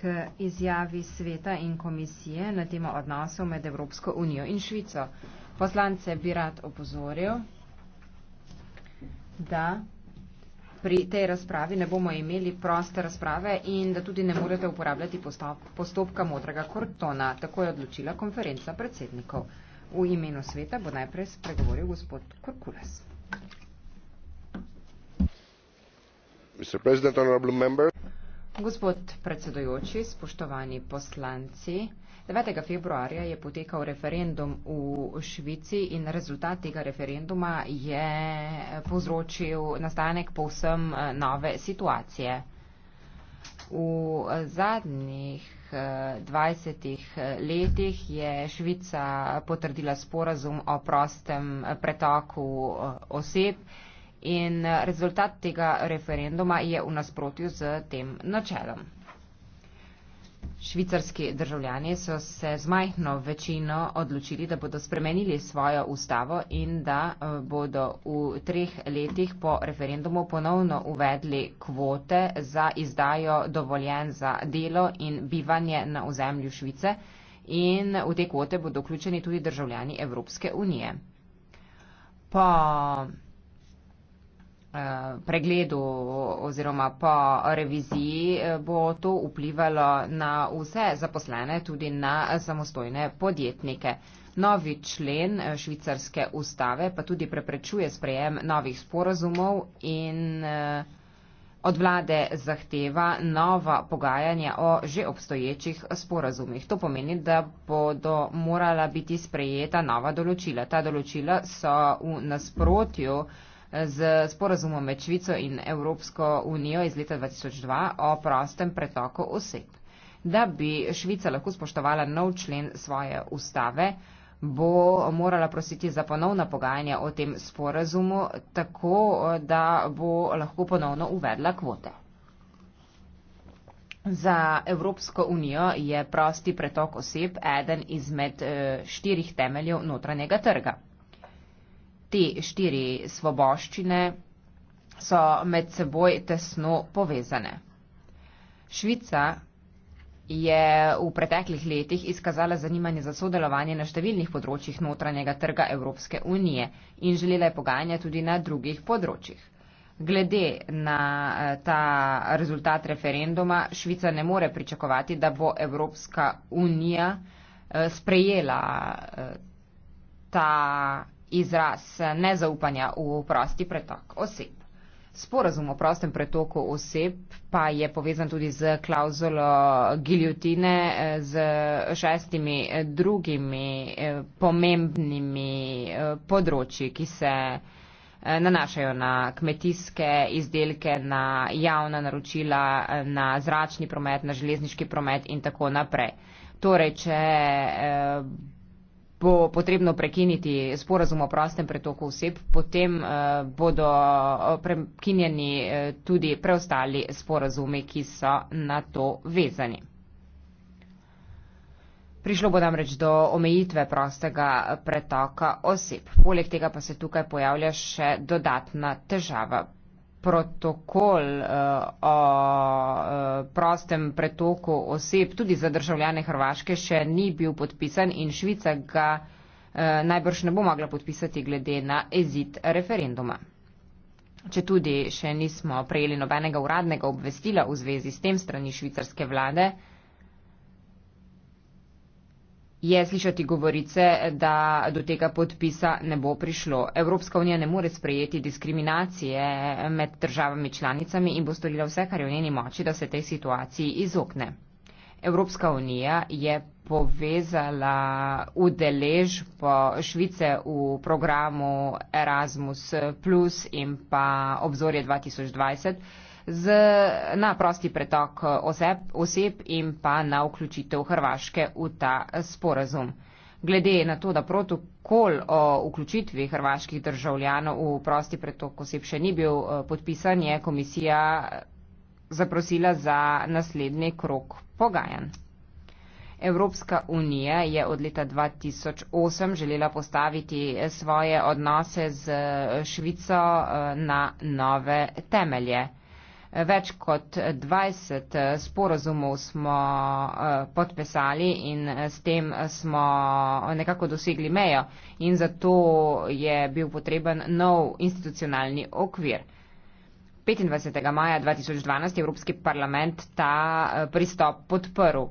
k izjavi sveta in komisije na temo odnosov med Evropsko unijo in Švico. Poslance bi rad opozoril, da pri tej razpravi ne bomo imeli proste razprave in da tudi ne morete uporabljati postopka modrega kortona. Tako je odločila konferenca predsednikov. V imenu sveta bo najprej spregovoril gospod Korkules. Mr. President, honorable members. Gospod predsedojoči, spoštovani poslanci, 9. februarja je potekal referendum v Švici in rezultat tega referenduma je povzročil nastanek povsem eh, nove situacije. V eh, zadnjih 20 eh, letih je Švica potrdila sporazum o prostem pretoku oseb in eh, rezultat tega referenduma je v nasprotju z tem načelom. Švicarski državljani so se z majhno večino odločili, da bodo spremenili svojo ustavo in da eh, bodo v treh letih po referendumu ponovno uvedli kvote za izdajo dovoljen za delo in bivanje na ozemlju Švice in v te kvote bodo vključeni tudi državljani Evropske unije. Po Eh, pregledu oziroma po reviziji eh, bo to vplivalo na vse zaposlene, tudi na samostojne podjetnike. Novi člen eh, švicarske ustave pa tudi preprečuje sprejem novih sporazumov in od vlade zahteva nova pogajanja o že obstoječih sporazumih. To pomeni, da bodo morala biti sprejeta nova določila. Ta določila so v nasprotju z sporazumom med Švico in Evropsko unijo iz leta 2002 o prostem pretoku oseb. Da bi Švica lahko spoštovala nov člen svoje ustave, bo morala prositi za ponovna pogajanja o tem sporazumu, tako da bo lahko ponovno uvedla kvote. Za Evropsko unijo je prosti pretok oseb eden izmed eh, štirih temeljev notranjega trga te štiri svoboščine so med seboj tesno povezane. Švica je v preteklih letih izkazala zanimanje za sodelovanje na številnih področjih notranjega trga Evropske unije in želela je pogajanja tudi na drugih področjih. Glede na eh, ta rezultat referenduma, Švica ne more pričakovati, da bo Evropska unija eh, sprejela eh, ta izraz nezaupanja v prosti pretok oseb. Sporazum o prostem pretoku oseb pa je povezan tudi z klauzulo giljotine z šestimi drugimi eh, pomembnimi eh, področji, ki se eh, nanašajo na kmetijske izdelke, na javna naročila, na zračni promet, na železniški promet in tako naprej. Torej, če bo potrebno prekiniti sporazum o prostem pretoku oseb, potem uh, bodo eh, prekinjeni uh, tudi preostali sporazumi, ki so na to vezani. Prišlo bo namreč do omejitve prostega pretoka oseb. Poleg tega pa se tukaj pojavlja še dodatna težava protokol uh, o uh, prostem pretoku oseb tudi za državljane Hrvaške še ni bil podpisan in Švica ga uh, najbrž ne bo mogla podpisati glede na ezit referenduma. Če tudi še nismo prejeli nobenega uradnega obvestila v zvezi s tem strani švicarske vlade, uh, je slišati govorice, da do tega podpisa ne bo prišlo. Evropska unija ne more sprejeti diskriminacije med državami članicami in bo storila vse, kar je v njeni moči, da se tej situaciji izogne. Evropska unija je povezala udeležbo Švice v programu Erasmus in pa obzorje 2020 z, na prosti pretok oseb, oseb in pa na vključitev Hrvaške v ta sporazum. Glede na to, da protokol o vključitvi hrvaških državljanov v prosti pretok oseb še ni bil eh, podpisan, je komisija zaprosila za naslednji krok pogajanj. Evropska unija je od leta 2008 želela postaviti svoje odnose z Švico eh, na nove temelje več kot 20 eh, sporozumov smo eh, podpisali in eh, s tem smo nekako dosegli mejo in zato je bil potreben nov institucionalni okvir. 25. maja 2012 je Evropski parlament ta pristop podprl.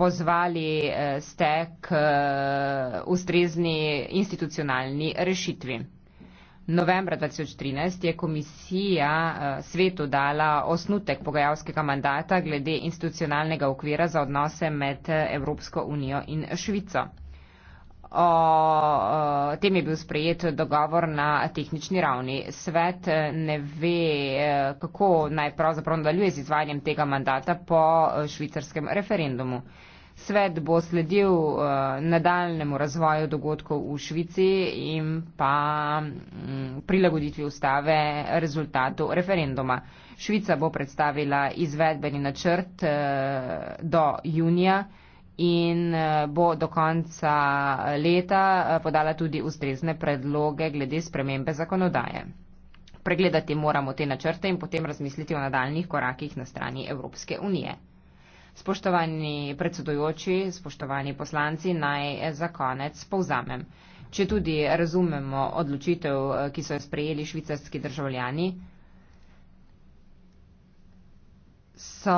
Pozvali ste k ustrezni institucionalni rešitvi. Novembra 2013 je komisija eh, svetu dala osnutek pogajalskega mandata glede institucionalnega okvira za odnose med eh, Evropsko unijo in Švico. O eh, tem je bil sprejet dogovor na tehnični ravni. Svet ne ve, kako naj pravzaprav nadaljuje z izvajanjem tega mandata po švicarskem referendumu. Svet bo sledil uh, nadaljnemu razvoju dogodkov v Švici in pa um, prilagoditvi ustave rezultatu referenduma. Švica bo predstavila izvedbeni načrt uh, do junija in uh, bo do konca leta uh, podala tudi ustrezne predloge glede spremembe zakonodaje. Pregledati moramo te načrte in potem razmisliti o nadaljnih korakih na strani Evropske unije. Spoštovani predsedujoči, spoštovani poslanci, naj za konec povzamem. Če tudi razumemo odločitev, ki so jo sprejeli švicarski državljani, so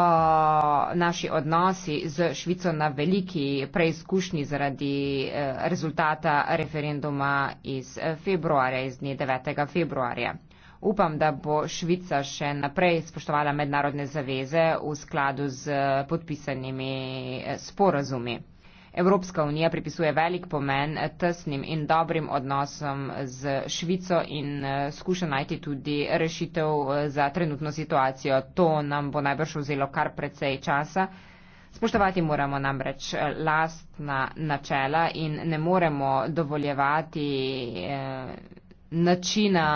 naši odnosi z Švico na veliki preizkušnji zaradi eh, rezultata referenduma iz februarja, iz dne 9. februarja. Upam, da bo Švica še naprej spoštovala mednarodne zaveze v skladu z podpisanimi eh, sporazumi. Evropska unija pripisuje velik pomen tesnim in dobrim odnosom z Švico in eh, skuša najti tudi rešitev eh, za trenutno situacijo. To nam bo najbrž vzelo kar precej časa. Spoštovati moramo namreč lastna načela in ne moremo dovoljevati. Eh, načina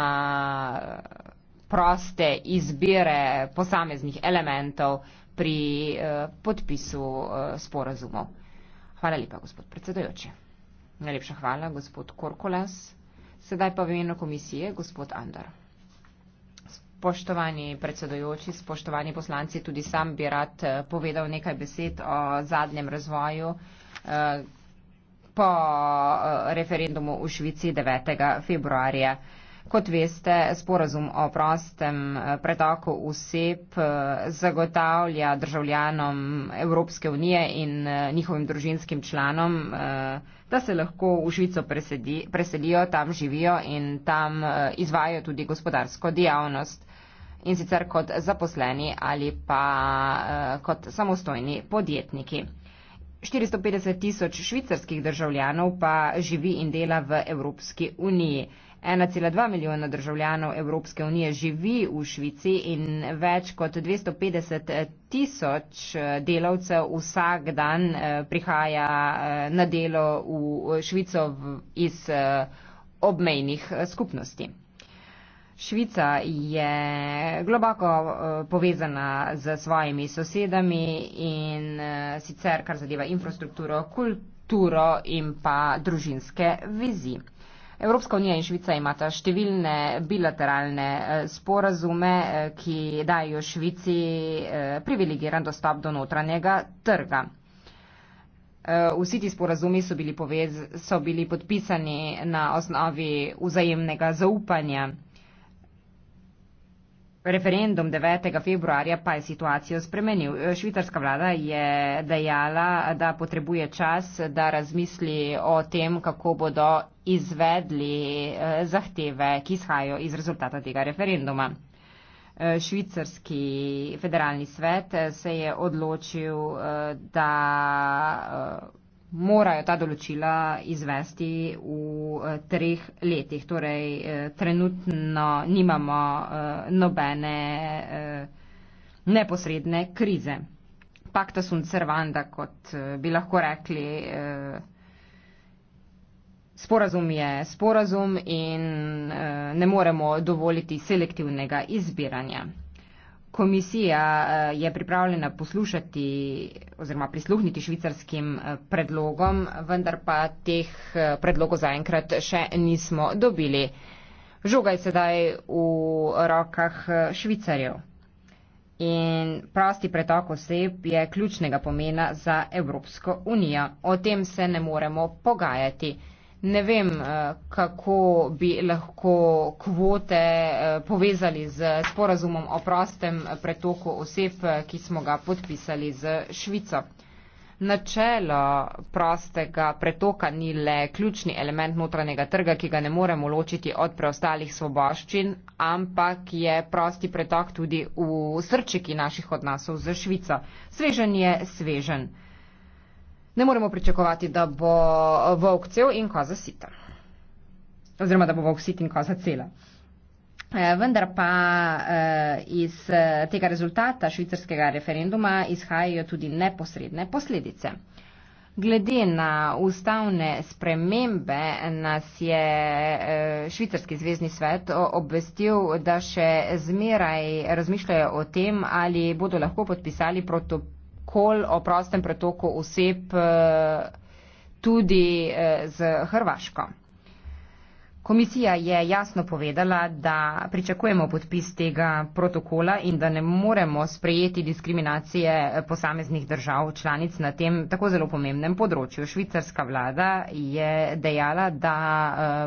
proste izbire posameznih elementov pri eh, podpisu eh, sporazumov. Hvala lepa, gospod predsedojoči. Najlepša hvala, gospod Korkolas. Sedaj pa v imenu komisije, gospod Andar. Spoštovani predsedojoči, spoštovani poslanci, tudi sam bi rad eh, povedal nekaj besed o zadnjem razvoju, po eh, referendumu v Švici 9. februarja. Kot veste, sporazum o prostem eh, pretoku vseb eh, zagotavlja državljanom Evropske unije in njihovim družinskim članom, da se lahko v Švico preselijo, tam živijo in tam izvajo tudi gospodarsko dejavnost in sicer kot zaposleni ali pa kot samostojni podjetniki. 450 tisoč švicarskih državljanov pa živi in dela v Evropski uniji. 1,2 milijona državljanov Evropske unije živi v Švici in več kot 250 eh, tisoč eh, delavcev vsak dan eh, prihaja na delo v Švico iz obmejnih skupnosti. Švica je globoko eh, povezana z svojimi sosedami in eh, sicer kar zadeva infrastrukturo, kulturo in pa družinske vizi. Evropska unija in Švica imata številne bilateralne eh, sporazume, ki dajo Švici privilegiran dostop do notranjega trga. Vsi ti sporazumi so bili, povez, so bili podpisani na osnovi vzajemnega zaupanja. Referendum 9. februarja pa je situacijo spremenil. E, švicarska vlada je dejala, da potrebuje čas, da razmisli o tem, kako bodo izvedli e, zahteve, ki izhajajo iz rezultata tega referenduma. E, švicarski federalni svet se je odločil, da morajo ta določila izvesti v eh, treh letih. Torej, eh, trenutno nimamo eh, nobene neposredne krize. Pakta sun servanda, kot bi lahko rekli, sporazum je sporazum in ne moremo dovoliti selektivnega izbiranja komisija eh, je pripravljena poslušati oziroma prisluhniti švicarskim eh, predlogom, vendar pa teh eh, predlogov zaenkrat še nismo dobili. Žoga je sedaj v rokah švicarjev in prosti pretok oseb je ključnega pomena za Evropsko unijo. O tem se ne moremo pogajati ne vem, eh, kako bi lahko kvote eh, povezali z sporazumom o prostem eh, pretoku oseb, ki smo ga podpisali z Švico. Načelo prostega pretoka ni le ključni element notranjega trga, ki ga ne moremo ločiti od preostalih svoboščin, ampak je prosti pretok tudi v srčiki naših odnosov z Švico. Svežen je svežen ne moremo pričakovati, da bo volk cel in koza sita. Oziroma, da bo volk sit in koza cela. E, vendar pa e, iz e, tega rezultata švicarskega referenduma izhajajo tudi neposredne posledice. Glede na ustavne spremembe nas je Švicarski zvezdni svet obvestil, da še zmeraj razmišljajo o tem, ali bodo lahko podpisali protokol protokol o prostem pretoku oseb eh, tudi eh, z Hrvaško. Komisija je jasno povedala, da pričakujemo podpis tega protokola in da ne moremo sprejeti diskriminacije eh, posameznih držav članic na tem tako zelo pomembnem področju. Švicarska vlada je dejala, da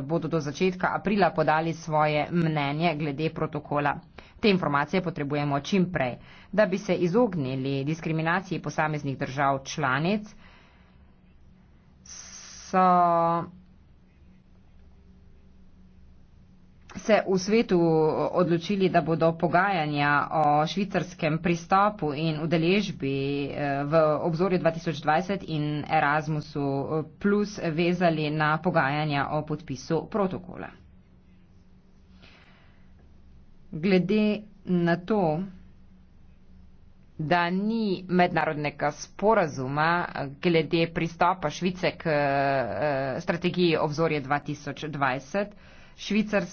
bodo do začetka aprila podali svoje mnenje glede protokola. Te informacije potrebujemo čim prej, da bi se izognili diskriminaciji posameznih držav članic. So se v svetu odločili, da bodo pogajanja o švicarskem pristopu in udeležbi eh, v obzorju 2020 in Erasmusu eh, plus vezali na pogajanja o podpisu protokola glede na to, da ni mednarodnega sporazuma glede pristopa Švice k eh, strategiji obzorje 2020. Švicar,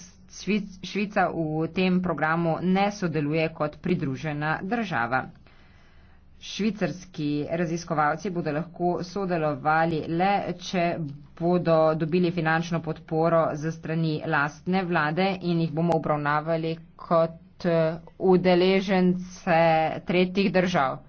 švica v tem programu ne sodeluje kot pridružena država. Švicarski raziskovalci bodo lahko sodelovali le, če bodo dobili finančno podporo za strani lastne vlade in jih bomo obravnavali kot eh, udeležence tretjih držav.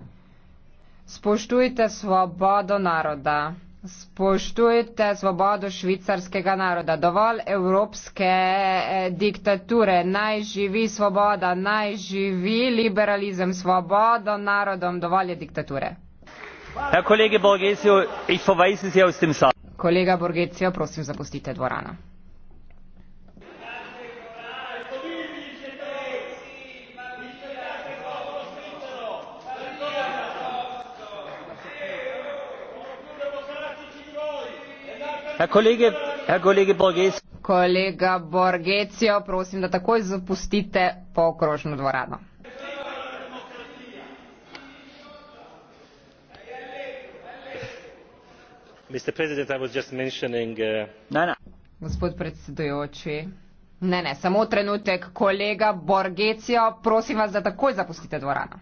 Spoštujte svobodo naroda spoštujte svobodo švicarskega naroda, dovolj evropske eh, diktature, naj živi svoboda, naj živi liberalizem, svobodo narodom, dovolj je diktature. Kolega Borgesio, prosim, zapustite dvorano. Kolega Borgesio, prosim, da takoj zapustite pokrožno dvorano. Uh, Gospod predsedujoči, ne, ne, samo trenutek, kolega Borgesio, prosim vas, da takoj zapustite dvorano.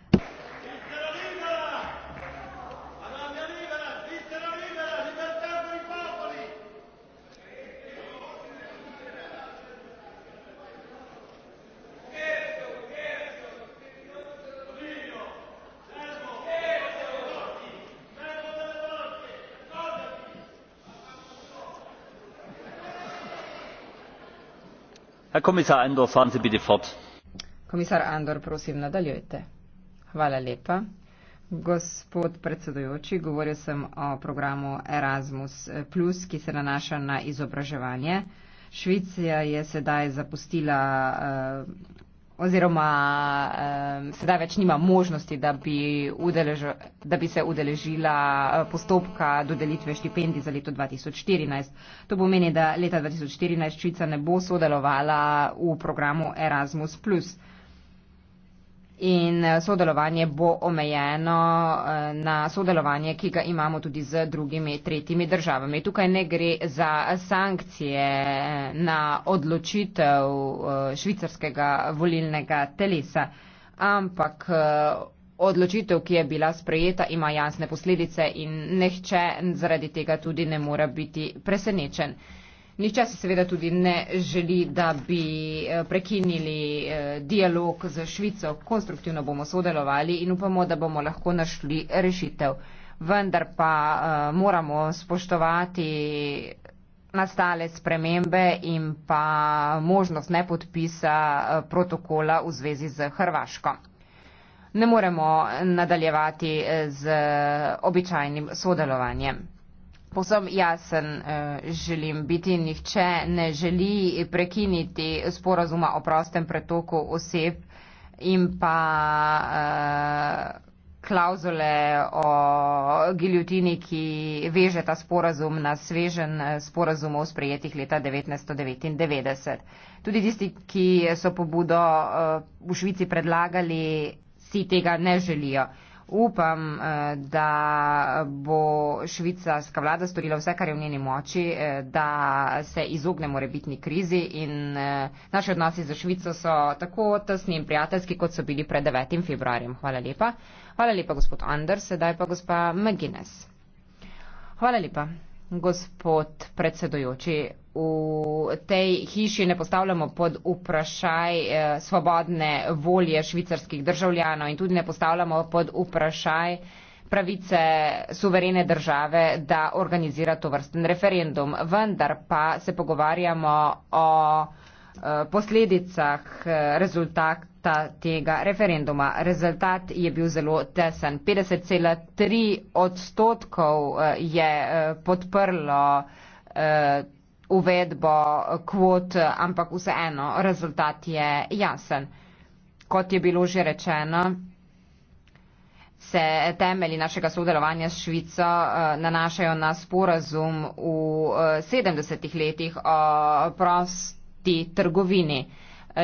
Herr Kommissar Andor, fahren Sie bitte fort. Komisar Andor, prosim, nadaljujte. Hvala lepa. Gospod predsedujoči, govoril sem o programu Erasmus, ki se nanaša na izobraževanje. Švicija je sedaj zapustila eh, oziroma um, sedaj več nima možnosti, da bi, udeležo, da bi se udeležila eh, postopka dodelitve štipendij za leto 2014. To pomeni, da leta 2014 Švica ne bo sodelovala v programu Erasmus. In eh, sodelovanje bo omejeno eh, na sodelovanje, ki ga imamo tudi z drugimi tretjimi državami. Tukaj ne gre za sankcije eh, na odločitev švicarskega volilnega telesa, ampak odločitev, ki je bila sprejeta, ima jasne posledice in nehče zaradi tega tudi ne mora biti presenečen. Niče se seveda tudi ne želi, da bi eh, prekinili eh, dialog z Švico. Konstruktivno bomo sodelovali in upamo, da bomo lahko našli rešitev. Vendar pa uh, moramo spoštovati nastale spremembe in pa možnost nepodpisa protokola v zvezi z Hrvaško. Ne moremo nadaljevati z običajnim sodelovanjem. Povsem jasen eh, želim biti in nihče ne želi prekiniti sporazuma o prostem pretoku oseb in pa eh, klauzule o giljotini, ki veže ta sporazum na svežen eh, sporazum o sprejetih leta 1999. Tudi tisti, ki so pobudo v Švici predlagali, si tega ne želijo upam, eh, da bo švicarska vlada storila vse, kar je v njeni moči, eh, da se izogne morebitni krizi in eh, naši odnosi za Švico so tako tesni in prijateljski, kot so bili pred 9. februarjem. Hvala lepa. Hvala lepa, gospod Anders, sedaj pa gospa McGuinness. Hvala lepa gospod predsedujoči. V tej hiši ne postavljamo pod vprašaj eh, svobodne volje švicarskih državljanov in tudi ne postavljamo pod vprašaj pravice suverene države, da organizira to vrsten referendum. Vendar pa se pogovarjamo o eh, posledicah eh, rezultat rezultata tega referenduma. Rezultat je bil zelo tesen. 50,3 odstotkov eh, je eh, podprlo eh, uvedbo kvot, ampak vseeno rezultat je jasen. Kot je bilo že rečeno, se temeli našega sodelovanja s Švico nanašajo na sporazum v 70-ih letih o prosti trgovini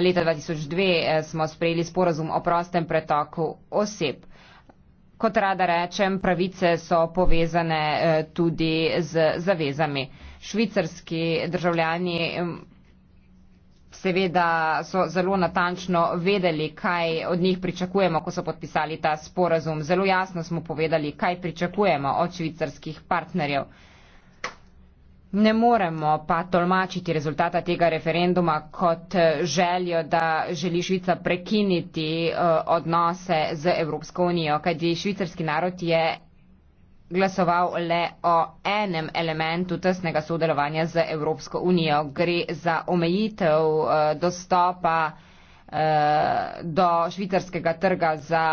leta 2002 eh, smo sprejeli sporazum o prostem pretoku oseb. Kot rada rečem, pravice so povezane eh, tudi z zavezami. Švicarski državljani mm, seveda so zelo natančno vedeli, kaj od njih pričakujemo, ko so podpisali ta sporazum. Zelo jasno smo povedali, kaj pričakujemo od švicarskih partnerjev. Ne moremo pa tolmačiti rezultata tega referenduma kot eh, željo, da želi Švica prekiniti eh, odnose z Evropsko unijo, kajti švicarski narod je glasoval le o enem elementu tesnega sodelovanja z Evropsko unijo. Gre za omejitev eh, dostopa do švicarskega trga za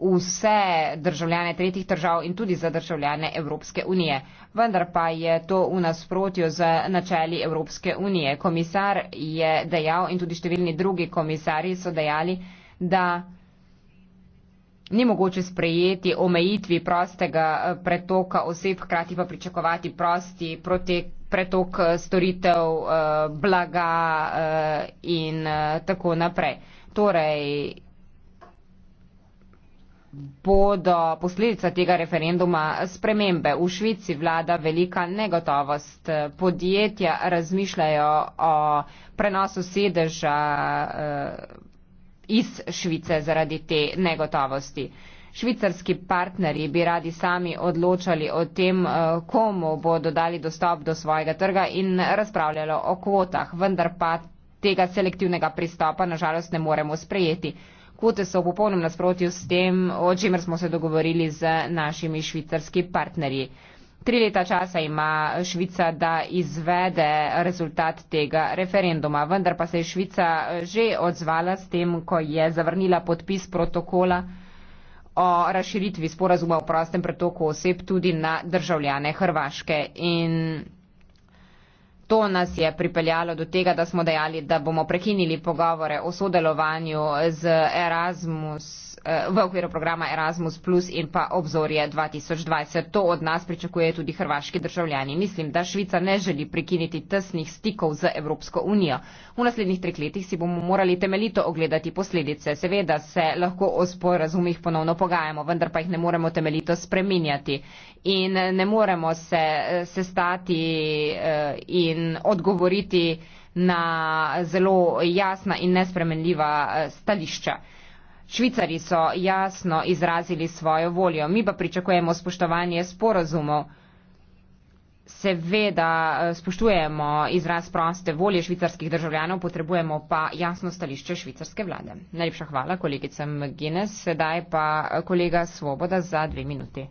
vse državljane tretjih držav in tudi za državljane Evropske unije. Vendar pa je to v nasprotju z načeli Evropske unije. Komisar je dejal in tudi številni drugi komisari so dejali, da ni mogoče sprejeti omejitvi prostega eh, pretoka oseb, hkrati pa pričakovati prosti protek pretok eh, storitev, eh, blaga in tako naprej. Torej, bodo posledica tega referenduma spremembe. V Švici vlada velika negotovost. Podjetja razmišljajo o prenosu sedeža eh, iz Švice zaradi te negotovosti. Švicarski partnerji bi radi sami odločali o tem, eh, komu bodo dali dostop do svojega trga in razpravljalo o kvotah, vendar pa tega selektivnega pristopa nažalost ne moremo sprejeti kvote so v popolnem nasprotju s tem, o čemer smo se dogovorili z našimi švicarski partnerji. Tri leta časa ima Švica, da izvede rezultat tega referenduma, vendar pa se je Švica eh, že odzvala s tem, ko je zavrnila podpis protokola o razširitvi sporazuma o prostem pretoku oseb tudi na državljane Hrvaške. In to nas je pripeljalo do tega, da smo dejali, da bomo prekinili pogovore o sodelovanju z Erasmus Eh, v okviru programa Erasmus Plus in pa obzorje 2020. To od nas pričakuje tudi hrvaški državljani. Mislim, da Švica ne želi prekiniti tesnih stikov z Evropsko unijo. V naslednjih treh letih si bomo morali temeljito ogledati posledice. Seveda se lahko o sporazumih ponovno pogajamo, vendar pa jih ne moremo temeljito spreminjati. In ne moremo se eh, sestati eh, in odgovoriti na zelo jasna in nespremenljiva stališča. Švicari so jasno izrazili svojo voljo, mi pa pričakujemo spoštovanje sporozumov. Seveda eh, spoštujemo izraz proste volje švicarskih državljanov, potrebujemo pa jasno stališče švicarske vlade. Najlepša hvala kolegica McGuinness, sedaj pa eh, kolega Svoboda za dve minuti.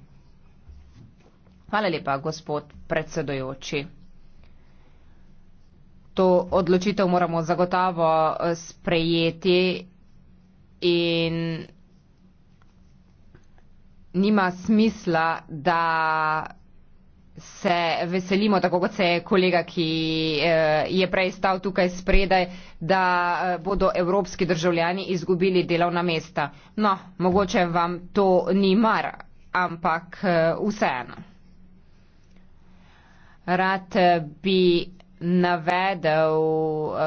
Hvala lepa, gospod predsedojoči. To odločitev moramo zagotovo eh, sprejeti in nima smisla, da se veselimo, tako kot se je kolega, ki eh, je prej stal tukaj spredaj, da eh, bodo evropski državljani izgubili delovna mesta. No, mogoče vam to ni mar, ampak eh, vseeno. Rad bi navedel uh,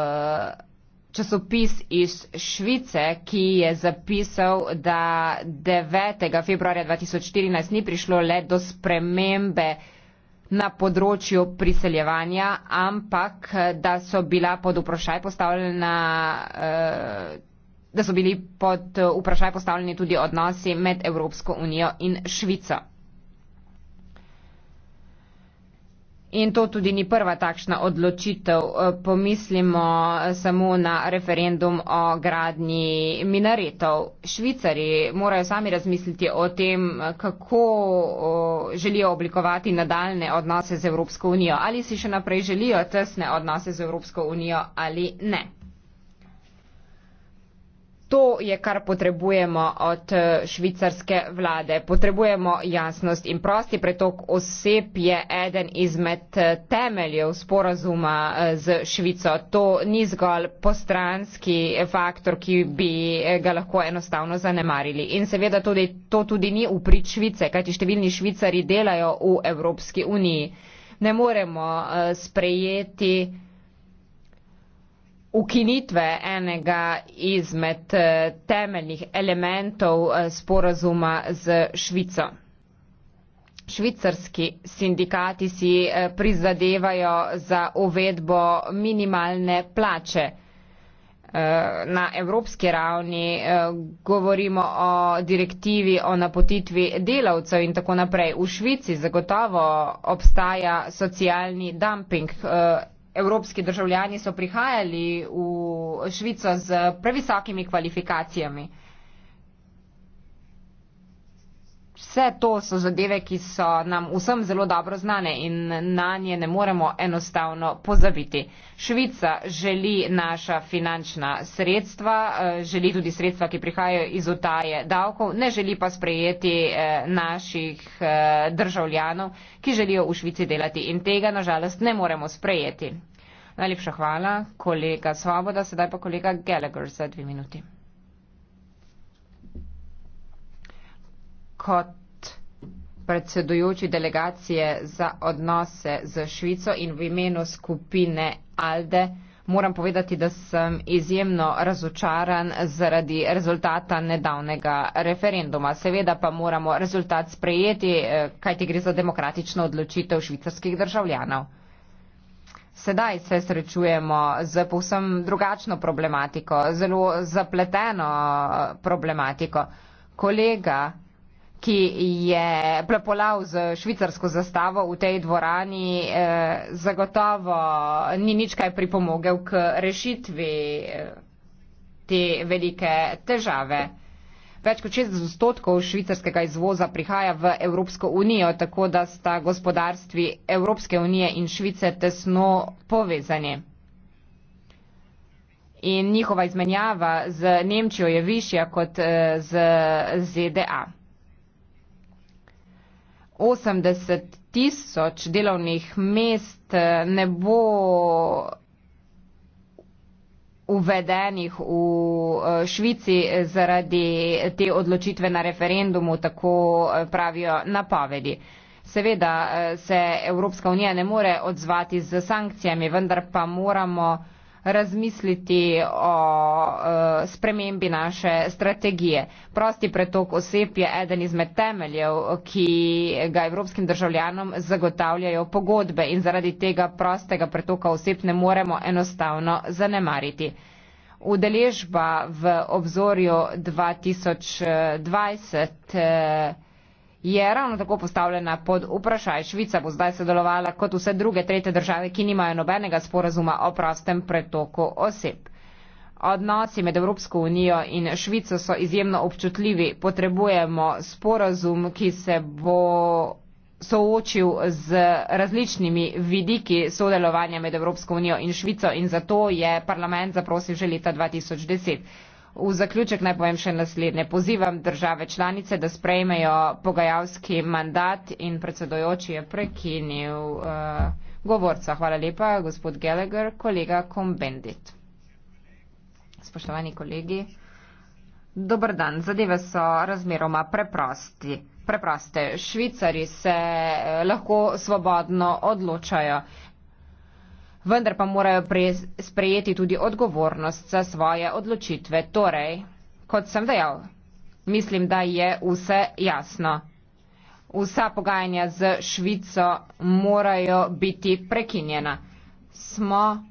časopis iz Švice, ki je zapisal, da 9. februarja 2014 ni prišlo le do spremembe na področju priseljevanja, ampak da so bila pod vprašaj postavljena. Uh, da so bili pod eh, vprašaj postavljeni tudi odnosi med Evropsko unijo in Švico. In to tudi ni prva takšna odločitev. E, pomislimo e, samo na referendum o gradnji minaretov. Švicari morajo sami razmisliti o tem, e, kako želijo oblikovati nadaljne odnose z Evropsko unijo. Ali si še naprej želijo tesne odnose z Evropsko unijo ali ne. To je, kar potrebujemo od eh, švicarske vlade. Potrebujemo jasnost in prosti pretok oseb je eden izmed eh, temeljev sporazuma eh, z Švico. To ni zgolj postranski faktor, ki bi ga lahko enostavno zanemarili. In seveda tudi, to tudi ni uprič Švice, kajti številni švicari delajo v Evropski uniji. Ne moremo sprejeti ukinitve enega izmed eh, temeljnih elementov eh, sporazuma z Švico. Švicarski sindikati si eh, prizadevajo za uvedbo minimalne plače. Na evropski ravni govorimo o direktivi o napotitvi delavcev in tako naprej. V Švici zagotovo obstaja socialni dumping, evropski državljani so prihajali v Švico z previsokimi kvalifikacijami. vse to so zadeve, ki so nam vsem zelo dobro znane in na nje ne moremo enostavno pozabiti. Švica želi naša finančna sredstva, eh, želi tudi sredstva, ki prihajajo iz utaje davkov, ne želi pa sprejeti eh, naših eh, državljanov, ki želijo v Švici delati in tega nažalost ne moremo sprejeti. Najlepša hvala, kolega Svoboda, sedaj pa kolega Gallagher za dve minuti. Kot predsedujoči delegacije za odnose z Švico in v imenu skupine Alde. Moram povedati, da sem izjemno razočaran zaradi rezultata nedavnega referenduma. Seveda pa moramo rezultat sprejeti, eh, kajti gre za demokratično odločitev švicarskih državljanov. Sedaj se srečujemo z povsem drugačno problematiko, zelo zapleteno eh, problematiko. Kolega ki je plepolal z švicarsko zastavo v tej dvorani, eh, zagotovo ni nič kaj pripomogel k rešitvi eh, te velike težave. Več kot 60 odstotkov švicarskega izvoza prihaja v Evropsko unijo, tako da sta gospodarstvi Evropske unije in Švice tesno povezani. In njihova izmenjava z Nemčijo je višja kot eh, z ZDA. 80 tisoč delovnih mest eh, ne bo uvedenih v eh, Švici zaradi te odločitve na referendumu, tako eh, pravijo napovedi. Seveda se Evropska unija ne more odzvati z sankcijami, vendar pa moramo razmisliti o uh, spremembi naše strategije. Prosti pretok oseb je eden izmed temeljev, ki ga evropskim državljanom zagotavljajo pogodbe in zaradi tega prostega pretoka oseb ne moremo enostavno zanemariti. Udeležba v obzorju 2020 uh, je ravno tako postavljena pod vprašaj. Švica bo zdaj sodelovala kot vse druge tretje države, ki nimajo nobenega sporazuma o prostem pretoku oseb. Odnosi med Evropsko unijo in Švico so izjemno občutljivi. Potrebujemo sporazum, ki se bo soočil z različnimi vidiki sodelovanja med Evropsko unijo in Švico in zato je parlament zaprosil že leta 2010. V zaključek naj povem še naslednje. Pozivam države članice, da sprejmejo pogajalski mandat in predsedojoči je prekinil uh, govorca. Hvala lepa, gospod Gallagher, kolega Kombendit. Spoštovani kolegi, dober dan. Zadeve so razmeroma preprosti. Preproste. Švicari se eh, lahko svobodno odločajo vendar pa morajo sprejeti tudi odgovornost za svoje odločitve. Torej, kot sem dejal, mislim, da je vse jasno. Vsa pogajanja z Švico morajo biti prekinjena. Smo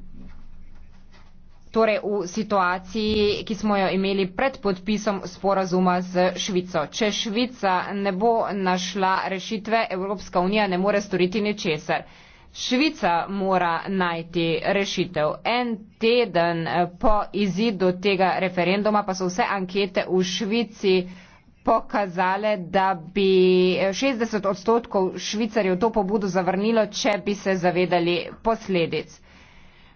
torej v situaciji, ki smo jo imeli pred podpisom sporazuma z Švico. Če Švica ne bo našla rešitve, Evropska unija ne more storiti ničesar. Švica mora najti rešitev. En teden eh, po izidu tega referenduma pa so vse ankete v Švici pokazale, da bi 60 odstotkov švicarjev to pobudo zavrnilo, če bi se zavedali posledic.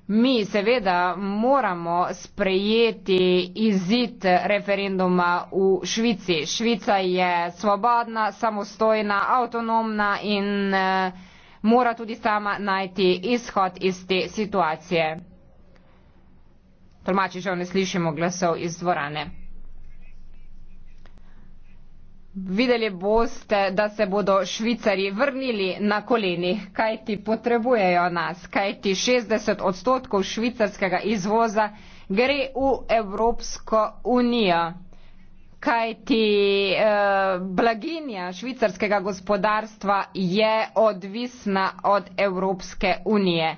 Mi seveda moramo sprejeti izid referenduma v Švici. Švica je svobodna, samostojna, avtonomna in eh, mora tudi sama najti izhod iz te situacije. Tolmači žal ne slišimo glasov iz dvorane. Videli boste, da se bodo švicari vrnili na koleni, kaj ti potrebujejo nas, kaj ti 60 odstotkov švicarskega izvoza gre v Evropsko unijo kaj ti eh, blaginja švicarskega gospodarstva je odvisna od Evropske unije.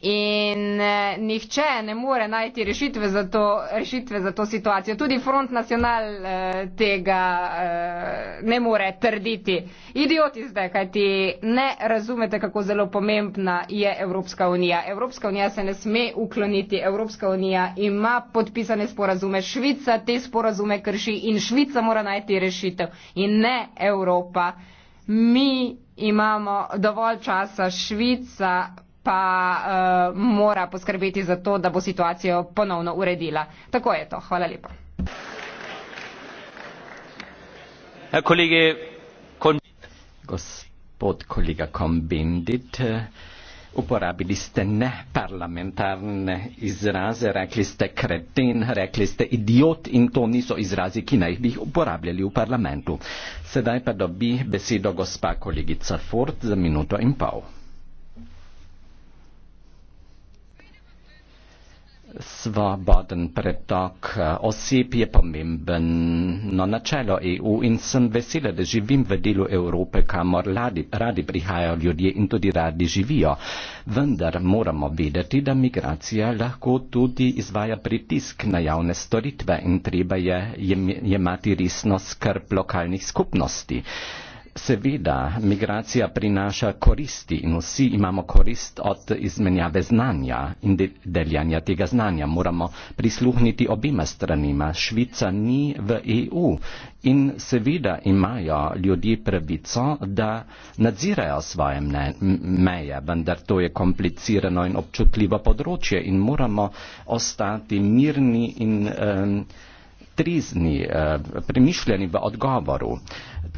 In eh, nihče ne more najti rešitve za to, rešitve za to situacijo. Tudi Front National eh, tega eh, ne more trditi. Idioti ste, kajti ne razumete, kako zelo pomembna je Evropska unija. Evropska unija se ne sme ukloniti. Evropska unija ima podpisane sporazume. Švica te sporazume krši in Švica mora najti rešitev. In ne Evropa. Mi imamo dovolj časa. Švica pa uh, mora poskrbeti za to, da bo situacijo ponovno uredila. Tako je to. Hvala lepa. Kolege, kon... Gospod kolega Kombendit, eh, uporabili ste neparlamentarne izraze, rekli ste kreten, rekli ste idiot in to niso izrazi, ki naj bi jih uporabljali v parlamentu. Sedaj pa dobi besedo gospa kolegica Ford za minuto in pol. Svoboden pretok eh, oseb je pomemben no, načelo EU in sem vesela, da živim v delu Evrope, kamor radi, radi prihajajo ljudje in tudi radi živijo. Vendar moramo vedeti, da migracija lahko tudi izvaja pritisk na javne storitve in treba je jemati resno skrb lokalnih skupnosti. Seveda, migracija prinaša koristi in vsi imamo korist od izmenjave znanja in de deljanja tega znanja. Moramo prisluhniti obima stranima. Švica ni v EU in seveda imajo ljudje pravico, da nadzirajo svoje meje, vendar to je komplicirano in občutljivo področje in moramo ostati mirni in. Um, trizni, eh, premišljeni v odgovoru.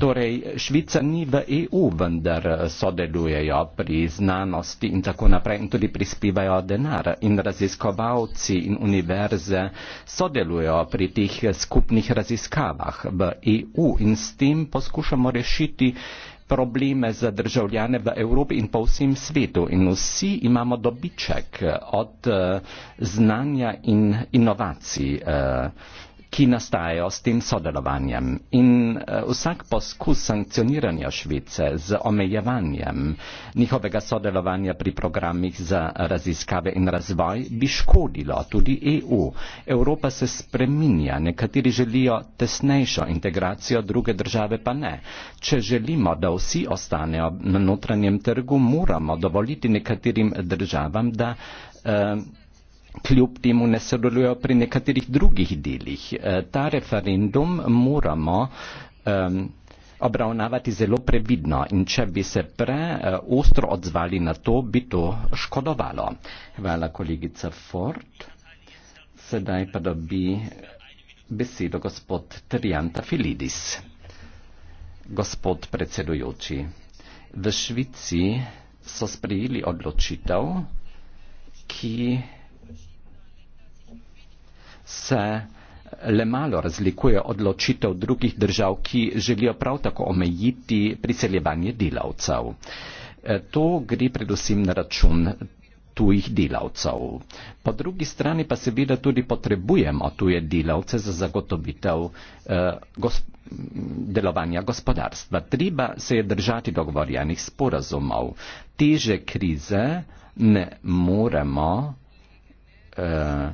Torej, Švica ni v EU, vendar eh, sodelujejo pri znanosti in tako naprej in tudi prispivajo denar. In raziskovalci in univerze sodelujo pri teh eh, skupnih raziskavah v EU in s tem poskušamo rešiti probleme za državljane v Evropi in po vsem svetu. In vsi imamo dobiček od znanja in inovacij ki nastajajo s tem sodelovanjem. In eh, vsak poskus sankcioniranja Švice z omejevanjem njihovega sodelovanja pri programih za raziskave in razvoj bi škodilo tudi EU. Evropa se spreminja, nekateri želijo tesnejšo integracijo, druge države pa ne. Če želimo, da vsi ostanejo na notranjem trgu, moramo dovoliti nekaterim državam, da. Uh, kljub temu ne sodelujejo pri nekaterih drugih delih. Eh, ta referendum moramo um, obravnavati zelo previdno in če bi se preostro uh, odzvali na to, bi to škodovalo. Hvala kolegica Ford. Sedaj pa dobi besedo gospod Trianta Filidis. Gospod predsedujoči, v Švici so sprejeli odločitev, ki se le malo razlikuje odločitev drugih držav, ki želijo prav tako omejiti priseljevanje delavcev. E, to gre predvsem na račun tujih delavcev. Po drugi strani pa seveda tudi potrebujemo tuje delavce za zagotovitev eh, gosp delovanja gospodarstva. Treba se je držati dogovorjenih sporazumov. Teže krize ne moremo eh,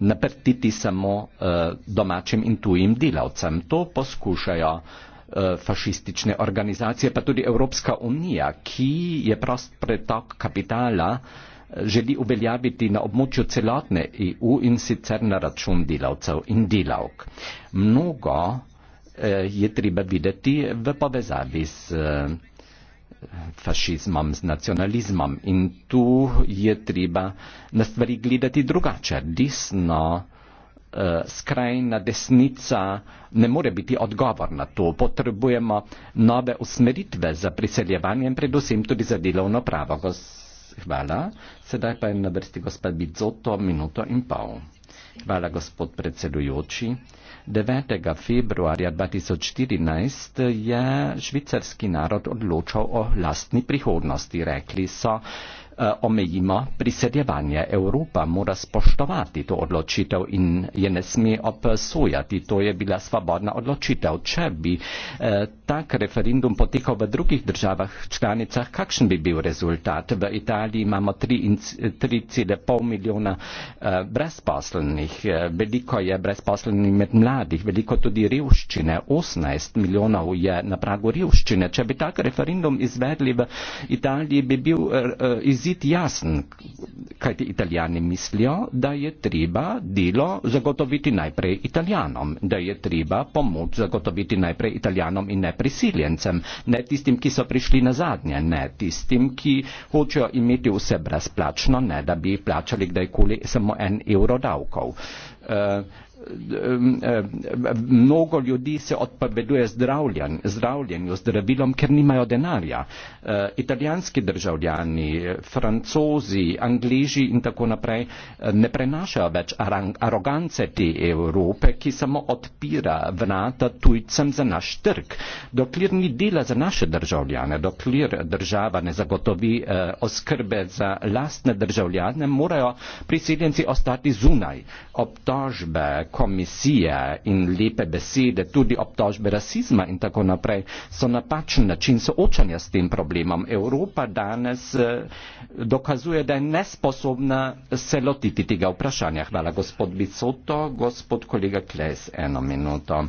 naprtiti samo uh, domačim in tujim delavcem. To poskušajo uh, fašistične organizacije, pa tudi Evropska unija, ki je prost pretok kapitala eh, želi uveljaviti na območju celotne EU in sicer na račun delavcev in delavk. Mnogo eh, je treba videti v povezavi z eh, fašizmom, z nacionalizmom. In tu je treba na stvari gledati drugače. Desno, eh, skrajna desnica ne more biti odgovor na to. Potrebujemo nove usmeritve za priseljevanje in predvsem tudi za delovno pravo. Hvala. Sedaj pa je na vrsti gospod Bidzoto, minuto in pol. Hvala, gospod predsedujoči. 9. februarja 2014 je švicarski narod odločal o lastni prihodnosti. Rekli so, Eh, omejimo prisedevanje. Evropa mora spoštovati to odločitev in je ne sme obsojati. To je bila svobodna odločitev. Če bi eh, tak referendum potekal v drugih državah članicah, kakšen bi bil rezultat? V Italiji imamo 3,5 milijona eh, brezposlenih, veliko je brezposlenih med mladih, veliko tudi revščine, 18 milijonov je na pragu revščine. Če bi tak referendum izvedli v Italiji, bi bil izjemen izid jasen, kaj ti italijani mislijo, da je treba delo zagotoviti najprej italijanom, da je treba pomoč zagotoviti najprej italijanom in ne prisiljencem, ne tistim, ki so prišli na zadnje, ne tistim, ki hočejo imeti vse brezplačno, ne da bi plačali kdajkoli samo en evro davkov. Uh, Ehm, ehm, mnogo ljudi se odpoveduje zdravljenju, zdravilom, ker nimajo denarja. Ehm, italijanski državljani, francozi, angliži in tako naprej ne prenašajo več arogance te Evrope, ki samo odpira vrata tujcem za naš trg. Dokler ni dela za naše državljane, dokler država ne zagotovi oskrbe za lastne državljane, morajo prisiljenci ostati zunaj. Obtožbe, komisije in lepe besede, tudi obtožbe rasizma in tako naprej, so napačen način soočanja s tem problemom. Evropa danes eh, dokazuje, da je nesposobna se lotiti tega vprašanja. Hvala, gospod Bicoto. Gospod kolega Kles, eno minuto.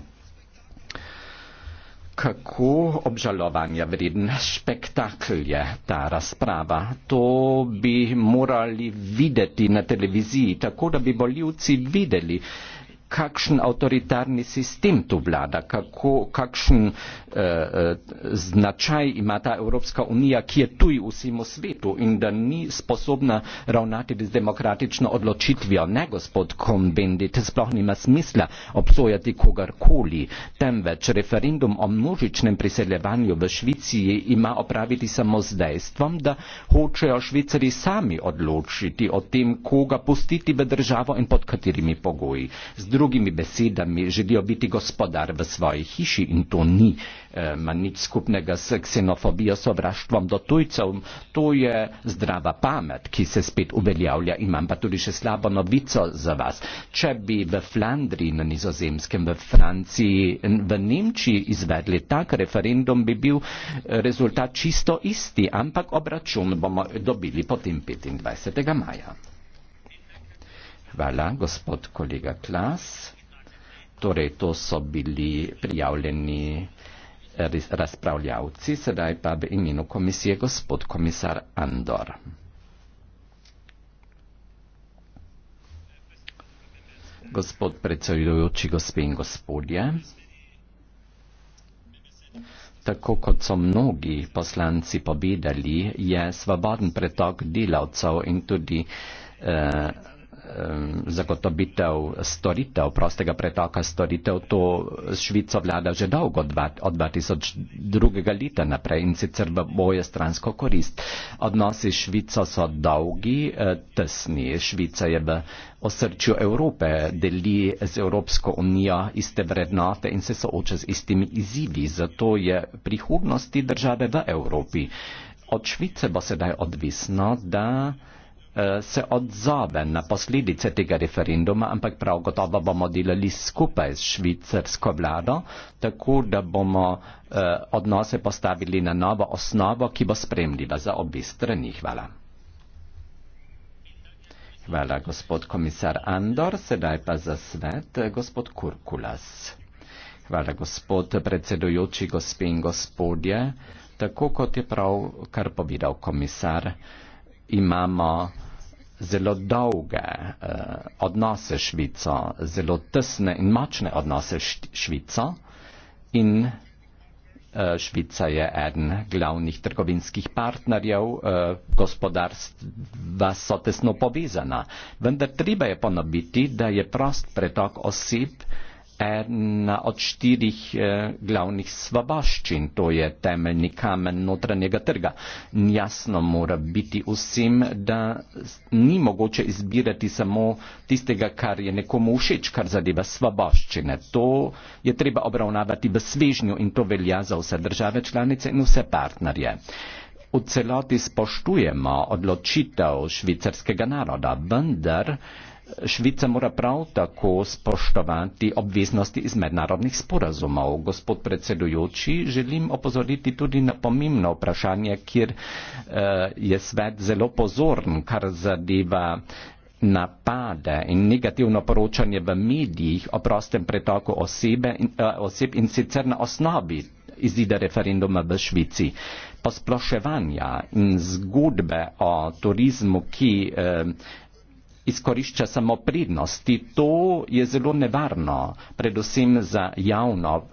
Kako obžalovanja vreden spektakl je ta razprava? To bi morali videti na televiziji, tako da bi boljivci videli. Uh, kakšen avtoritarni sistem tu vlada, kako, kakšen eh, eh, značaj ima ta Evropska unija, ki je tuj vsemu svetu in da ni sposobna ravnati z demokratično odločitvijo. Ne, gospod Kombendit, sploh nima smisla obsojati kogarkoli, temveč referendum o množičnem priseljevanju v Švici ima opraviti samo z dejstvom, da hočejo Švicari sami odločiti o tem, koga pustiti v državo in pod katerimi pogoji. Zdru drugimi besedami želijo biti gospodar v svoji hiši in to ni ima eh, nič skupnega s ksenofobijo, sovraštvom do tujcev. To je zdrava pamet, ki se spet uveljavlja. Imam pa tudi še slabo novico za vas. Če bi v Flandriji, na nizozemskem, v Franciji, v Nemčiji izvedli tak referendum, bi bil eh, rezultat čisto isti, ampak obračun bomo dobili potem 25. maja. Hvala, gospod kolega Klas. Torej, to so bili prijavljeni razpravljavci, sedaj pa v imenu komisije gospod komisar Andor. Gospod predsedujoči, gospe in gospodje, tako kot so mnogi poslanci povedali, je svoboden pretok delavcev in tudi eh, Eh, zagotovitev storitev, prostega pretoka storitev, to Švico vlada že dolgo, dva, od 2002. leta naprej in sicer v boje stransko korist. Odnosi Švico so dolgi, eh, tesni. Švica je v osrčju Evrope, deli z Evropsko unijo iste vrednote in se sooča z istimi izzivi, zato je prihodnosti države v Evropi. Od Švice bo sedaj odvisno, da Eh, se odzove na posledice tega referenduma, ampak prav gotovo bomo delali skupaj s švicarsko vlado, tako da bomo eh, odnose postavili na novo osnovo, ki bo spremljiva za obi strani. Hvala. Hvala, gospod komisar Andor. Sedaj pa za svet, eh, gospod Kurkulas. Hvala, gospod predsedujoči, gospe in gospodje. Tako kot je prav kar povedal komisar imamo zelo dolge eh, odnose s Švico, zelo tesne in močne odnose s Švico in eh, Švica je eden glavnih trgovinskih partnerjev, eh, gospodarstva so tesno povezana. Vendar treba je ponoviti, da je prost pretok oseb eh, ena od štirih eh, glavnih svoboščin, to je temeljni kamen notranjega trga. Jasno mora biti vsem, da ni mogoče izbirati samo tistega, kar je nekomu všeč, kar zadeva svoboščine. To je treba obravnavati v svežnju in to velja za vse države članice in vse partnerje. V celoti spoštujemo odločitev švicarskega naroda, vendar Švica mora prav tako spoštovati obveznosti iz mednarodnih sporazumov. Gospod predsedujoči, želim opozoriti tudi na pomembno vprašanje, kjer eh, je svet zelo pozorn, kar zadeva napade in negativno poročanje v medijih o prostem pretoku osebe in, eh, oseb in sicer na osnovi izida referenduma v Švici. Posploševanja in zgodbe o turizmu, ki. Eh, izkorišča samo prednosti, to je zelo nevarno, predvsem za javno,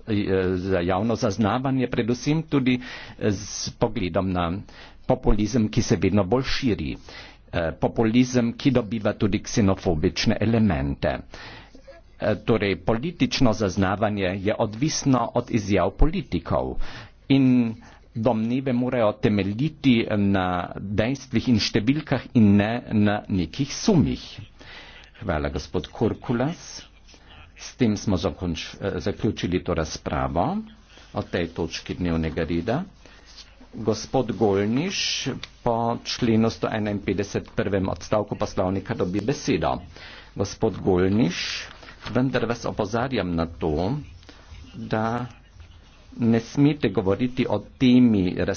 za javno zaznavanje, predvsem tudi s pogledom na populizem, ki se vedno bolj širi, eh, populizem, ki dobiva tudi ksenofobične elemente. Eh, torej, politično zaznavanje je odvisno od izjav politikov in domneve morajo temeljiti na dejstvih in številkah in ne na nekih sumih. Hvala, gospod Kurkulas. S tem smo zakonč, eh, zaključili to razpravo o tej točki dnevnega reda. Gospod Golniš po členu 151. odstavku poslovnika dobi besedo. Gospod Golniš, vendar vas opozarjam na to, da ne smete govoriti o temi res.